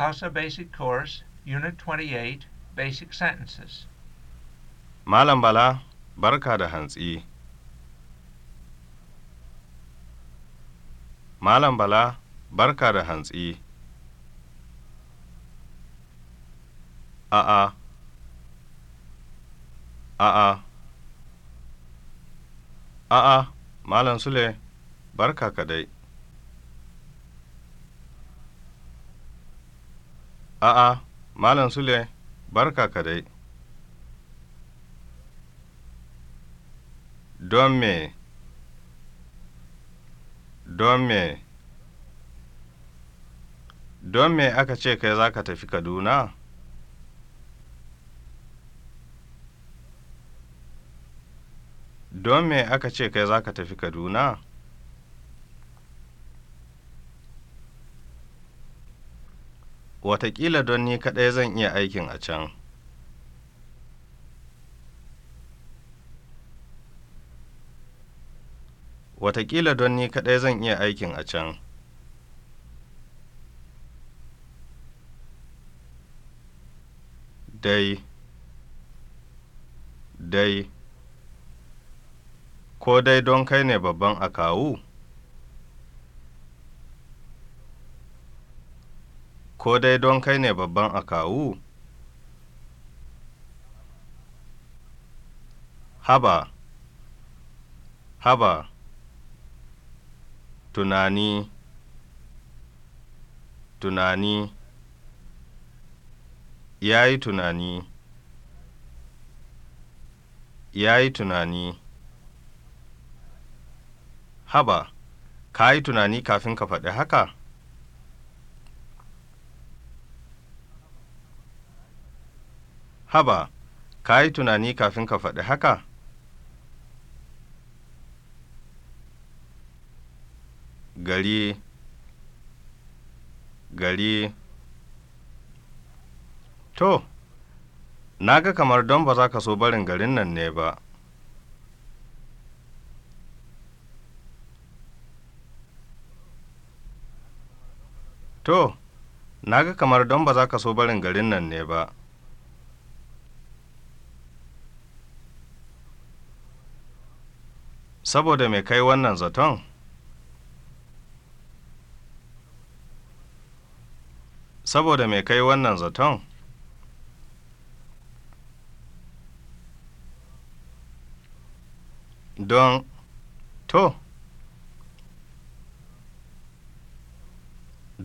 Also, Basic Course, Unit 28, Basic Sentences. Malam Bala, barka da hantsi. Malam Bala, barka da hantsi. A'a. A'a. A'a, Malam Sule, barka kadai. A'a, Malam Sule, barka ka dai. Don me? Don me? Don me aka ce kai za ka tafi Kaduna? Don me aka ce kai za ka tafi Kaduna? Wataƙila don ni kaɗai zan iya aikin a can. Wataƙila don ni kaɗai zan iya aikin a can. Dai, dai, ko dai don kai ne babban a akawu? ko dai don kai ne babban akawu? Haba, haba, tunani, tunani, ya yi tunani, ya yi tunani. Haba, ka yi tunani kafin ka faɗi haka? Haba, ka yi tunani kafin ka faɗi haka? Gari, gari. To, na ga kamar don ba za ka so barin garin nan ne ba. To, na ga kamar don ba za ka so barin garin nan ne ba. saboda mai kai wannan zaton saboda mai kai wannan zaton don to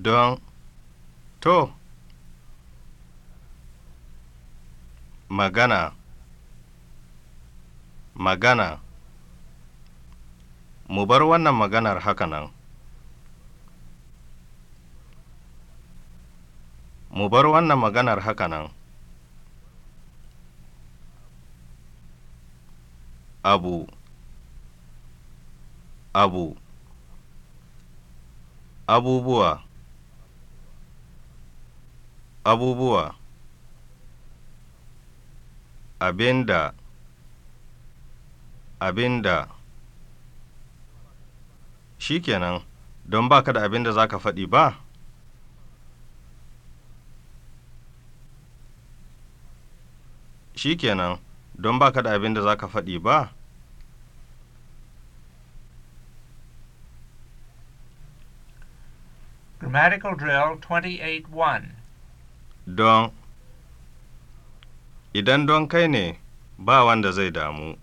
don to magana magana mu bar wannan maganar hakanan mu bar wannan maganar hakanan abu abu abubuwa abubuwa abinda abinda Shi kenan, don ba ka da abin da za ka faɗi ba? Shi kenan, don ba ka da abin da za ka faɗi ba? Grammatical Drill 28-1 Don Idan don kai ne, ba wanda zai damu.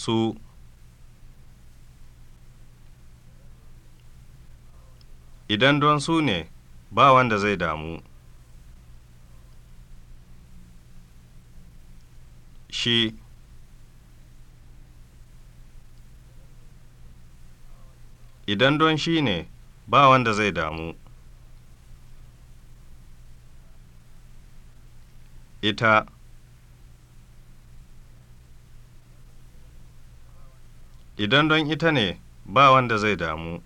su idan don su ne ba wanda zai damu shi idan don shi ne ba wanda zai damu ita idan don ita ne ba wanda zai damu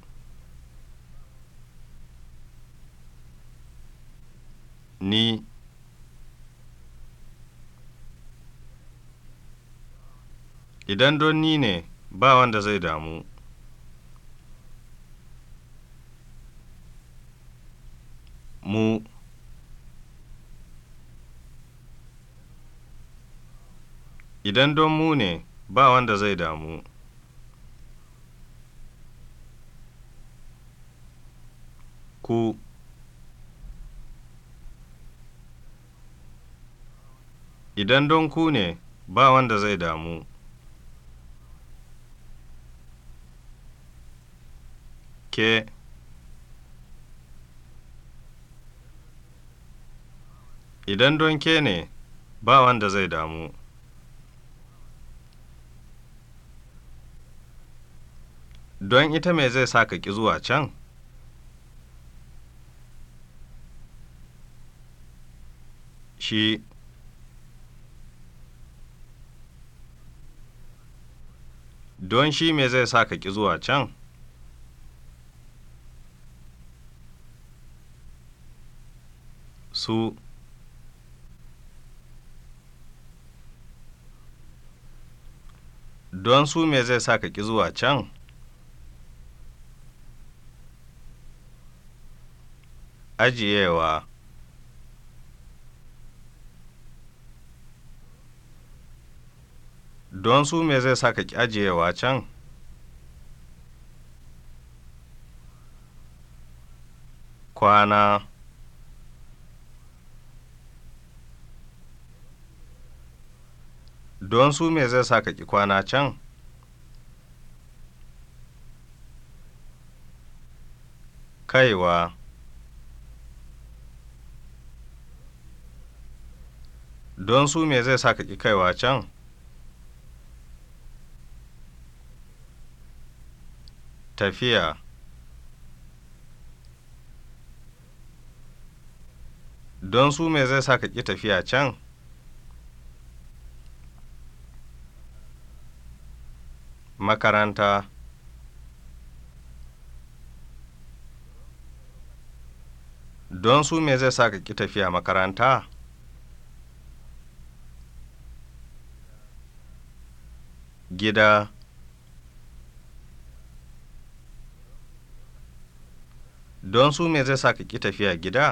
ni idan don ni ne ba wanda zai damu mu idan don mu ne ba wanda zai damu ku idan don ku ne ba wanda zai damu ke idan don ke ne ba wanda zai damu don ita me zai sa ka ƙi zuwa can și don shi me zai sa ka ki zuwa can? Su Don su me zai sa ka ki zuwa can? Ajiyewa don su me zai sa ka ajiyewa can kwana don su me zai sa ka kwana can kaiwa don su me zai sa ka kaiwa can tafiya don su me zai sa ka ƙi tafiya can makaranta don su me zai sa ka ƙi tafiya makaranta gida don su me zai sa ka ki tafiya gida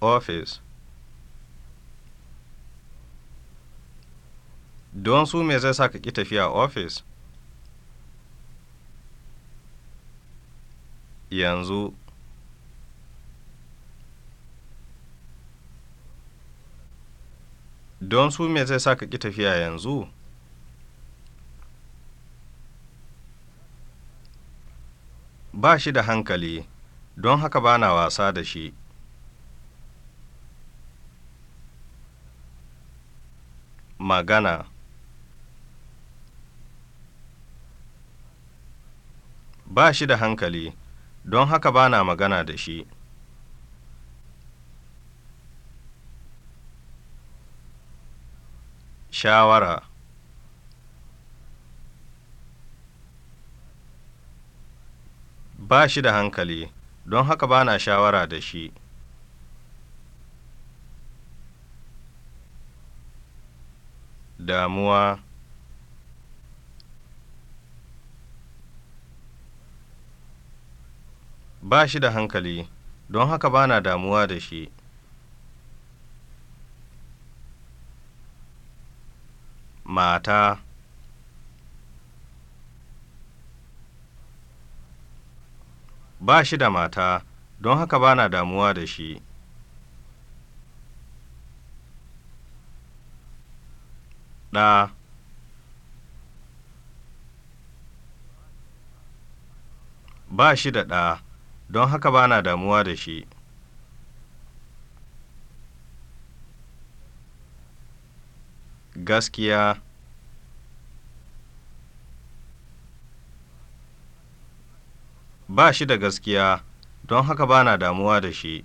office don su me zai sa ka ki tafiya office yanzu don su me zai sa ka ki tafiya yanzu ba shi da hankali don haka ba na wasa da shi magana ba shi da hankali don haka ba na magana da shi shawara ba shi da hankali don haka ba na shawara da shi damuwa ba shi da hankali don haka ba na damuwa da shi mata Ba shi da mata, don haka ba na damuwa da shi. ɗa ba shi da ɗa don haka ba na damuwa da shi gaskiya ba shi da gaskiya don haka ba na damuwa da shi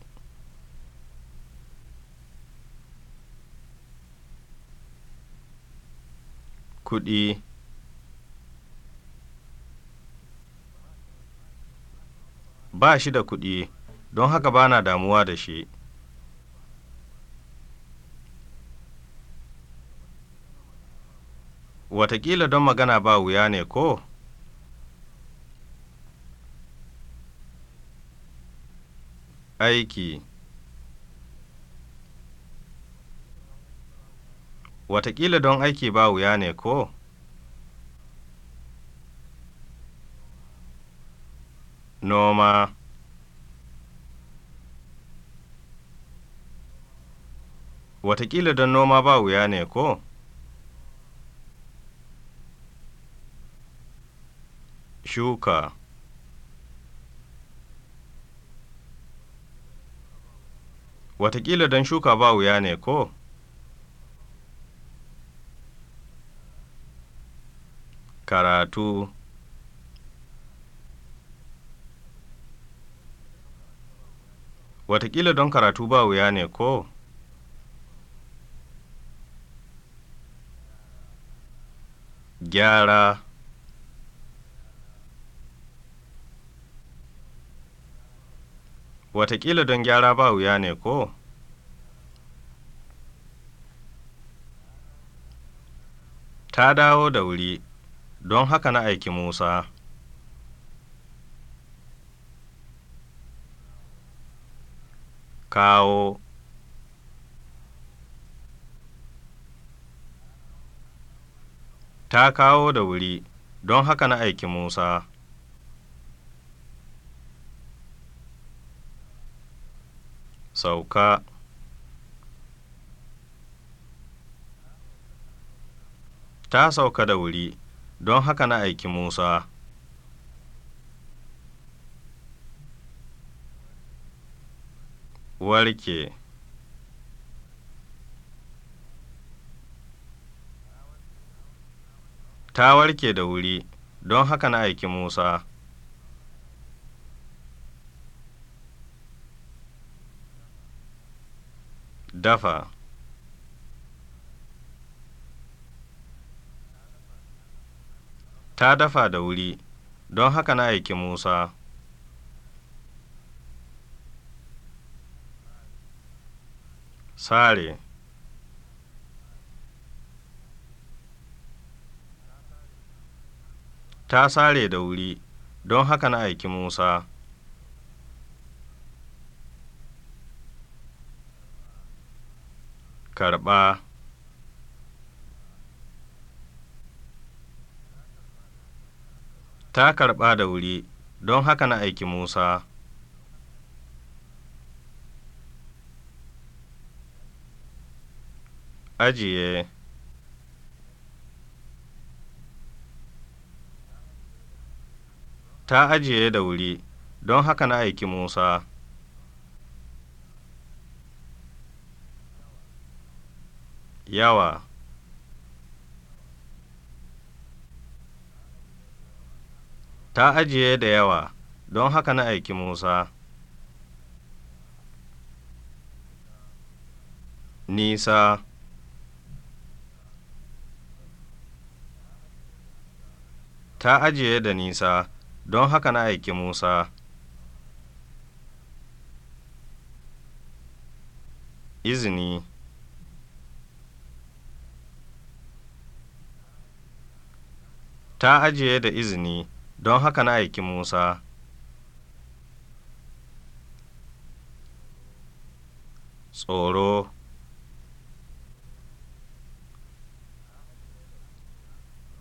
kuɗi ba shi da kuɗi don haka ba na damuwa da shi Wataƙila don magana ba wuya ne ko aiki Wataƙila don aiki ba wuya ne ko? Noma Wataƙila don noma ba wuya ne ko? Shuka Wataƙila don shuka ba wuya ne ko? Karatu Wataƙila don karatu ba wuya ne ko? Gyara yeah. Wataƙila don gyara ba wuya ne ko? Ta dawo da wuri, don haka na aiki Musa. Kawo Ta kawo da wuri, don haka na aiki Musa. Sauka. Ta sauka da wuri, don haka na aiki Musa. Warke. Ta warke da wuri, don haka na aiki Musa. dafa ta dafa da wuri don haka na aiki musa sare ta sare da wuri don haka na aiki musa karɓa ta karɓa da wuri don haka na aiki musa ajiye ta ajiye da wuri don haka na aiki musa yawa ta ajiye da yawa don haka na aiki musa nisa ta ajiye da nisa don haka na aiki musa izini ta ajiye da izini don haka na aiki Musa. Tsoro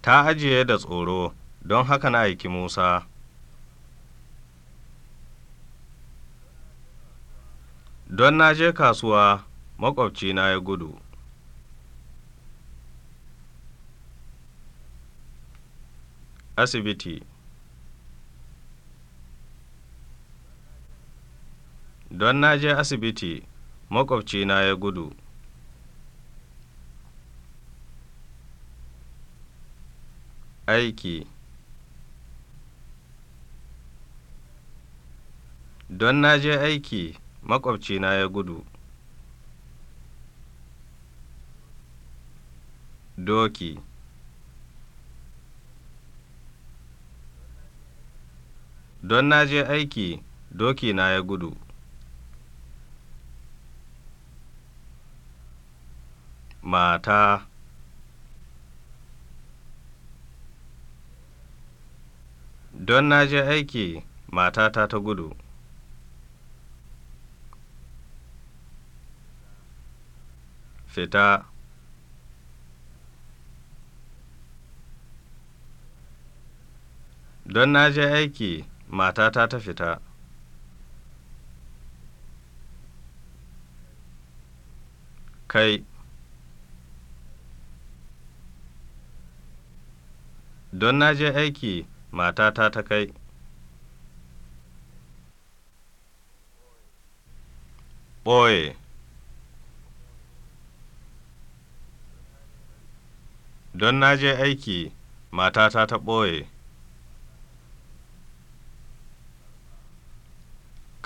Ta ajiye da tsoro don haka na aiki Musa. Don na je kasuwa, na ya gudu. asibiti don na je asibiti na ya gudu aiki don na je aiki na ya gudu doki Don na je aiki, doki na ya gudu. Mata Don na je aiki, matata ta gudu. Fita Don na je aiki, matata ta fita kai don na je aiki matata ta kai ɓoye don na je aiki matata ta ɓoye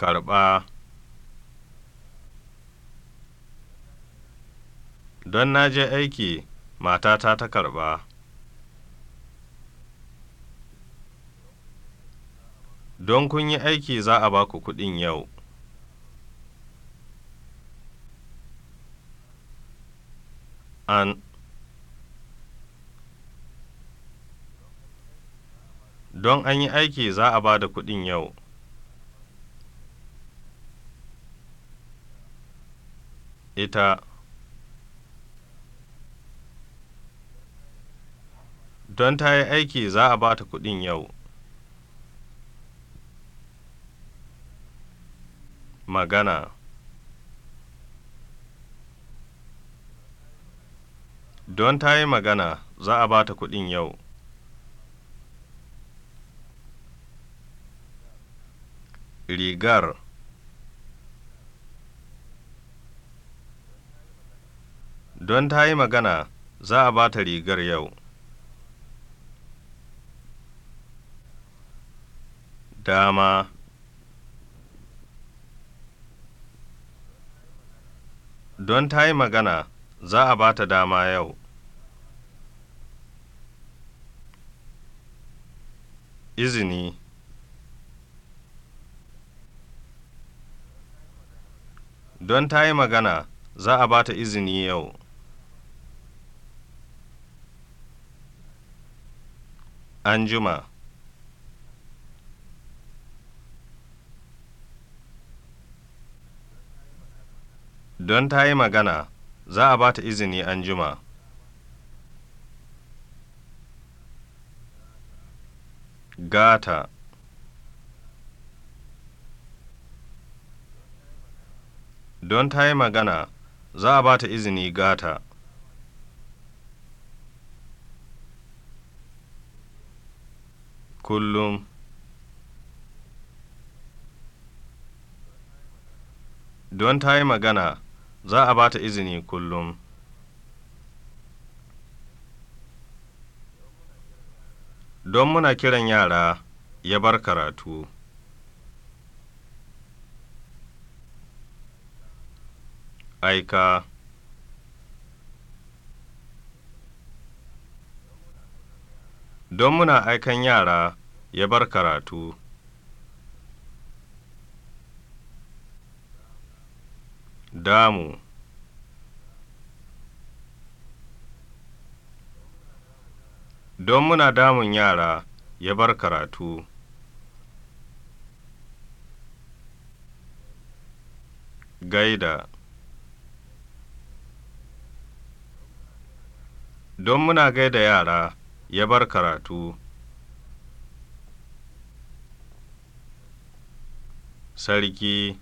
karɓa don na je aiki matata ta karɓa don kun yi aiki za a ba ku kuɗin yau an don an yi aiki za a ba da kuɗin yau ita don ta yi aiki za a ba ta kuɗin yau magana don ta yi magana za a ba ta kuɗin yau rigar don ta yi magana za a ba ta rigar yau dama don ta yi magana za a ba ta dama yau izini don ta yi magana za a ba ta izini yau anjima don ta yi magana za a ba ta izini anjima gata don ta yi magana za a ba ta izini gata kullum don ta yi magana za a ba ta izini kullum don muna kiran yara ya bar karatu aika don muna aikan yara ya bar karatu. Damu Don muna damun yara ya bar karatu. Gaida Don muna gaida yara ya bar karatu sarki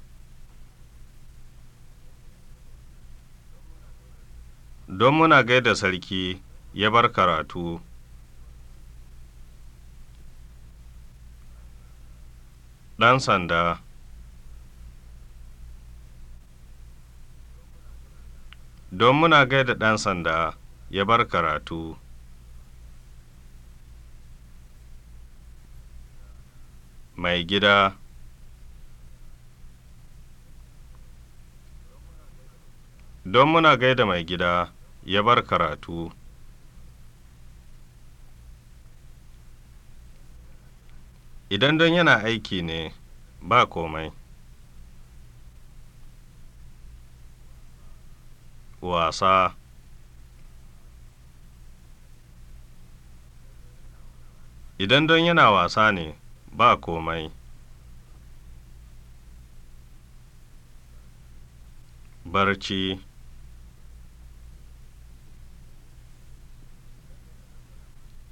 don muna gaida sarki ya bar karatu ɗan sanda don muna gaida ɗan sanda ya bar karatu mai gida don muna gaida mai gida ya bar karatu idan don yana aiki ne ba komai wasa idan don yana wasa ne ba komai barci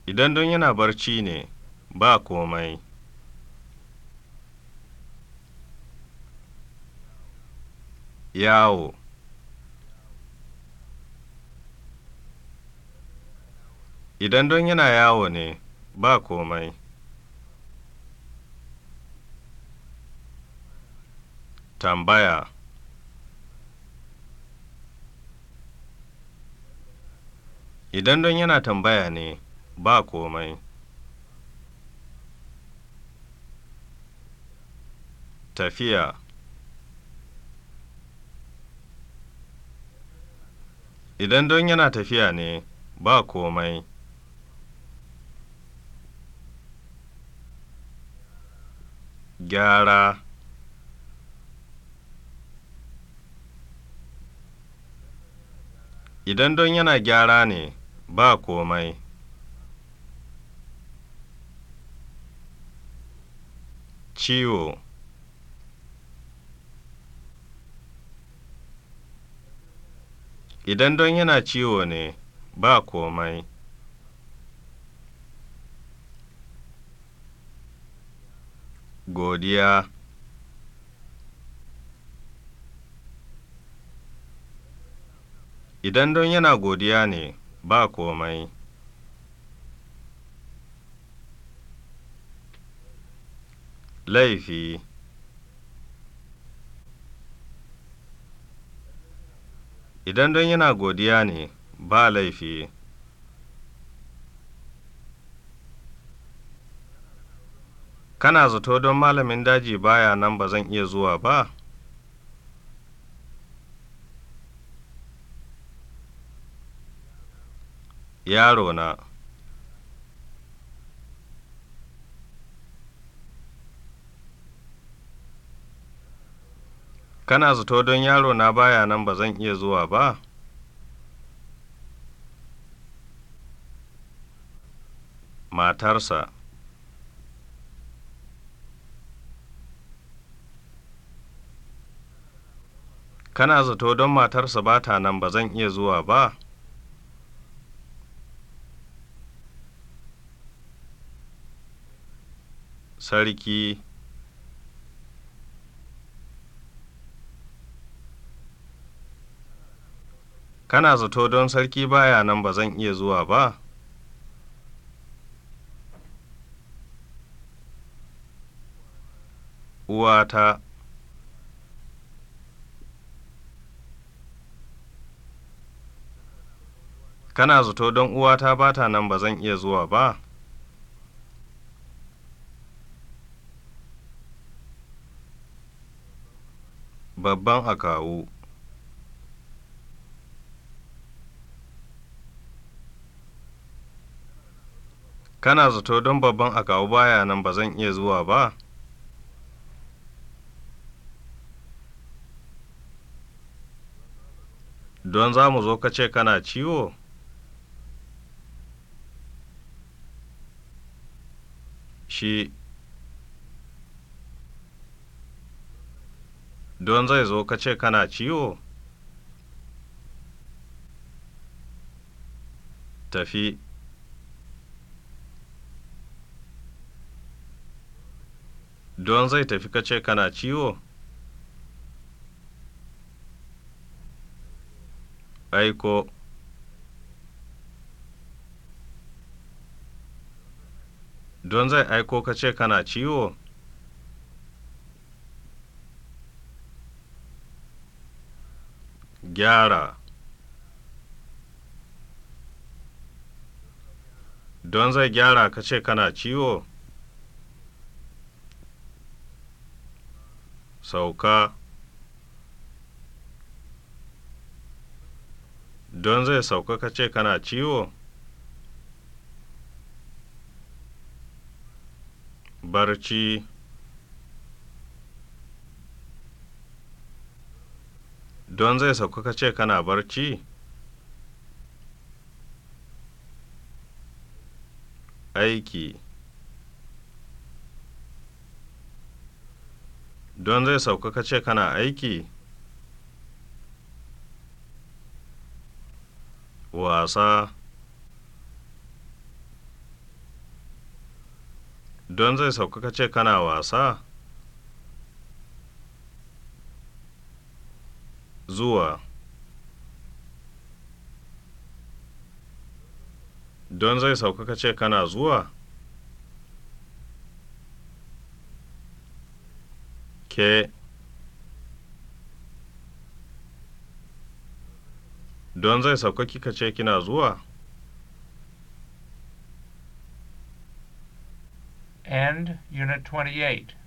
idan don yana barci ne ba komai yawo idan don yana yawo ne ba komai tambaya idan don yana tambaya ne ba komai tafiya idan don yana tafiya ne ba komai gyara idan don yana gyara ne ba komai ciwo idan don yana ciwo ne ba komai godiya yeah. idan don yana godiya ne ba komai laifi idan don yana godiya ne ba laifi kana zato don malamin daji baya nan ba zan iya zuwa ba yarona kana zato don yarona baya nan ba zan iya zuwa ba matarsa kana zato don matarsa ba ta nan ba zan iya zuwa ba sarki kana zato don sarki baya nan ba zan iya zuwa ba uwata kana zato don uwata ba ta nan ba zan iya zuwa ba Babban akawu Kana zato don babban akawu baya nan ba zan iya zuwa ba? Don za mu zo ka ce kana ciwo? Shi don zai zo ka ce kana ciwo? Tafi. Don zai tafi ka ce kana ciwo? Aiko. Don zai aiko ka ce kana ciwo? gyara don zai gyara ka ce kana ciwo sauka don zai sauka ka ce kana ciwo barci don zai sauka ka ce kana barci aiki don zai sauka ka ce kana aiki wasa don zai sauka ka ce kana wasa zuwa don zai sauka ka ce kana zuwa ke don zai sauka kika ce kina zuwa and unit 28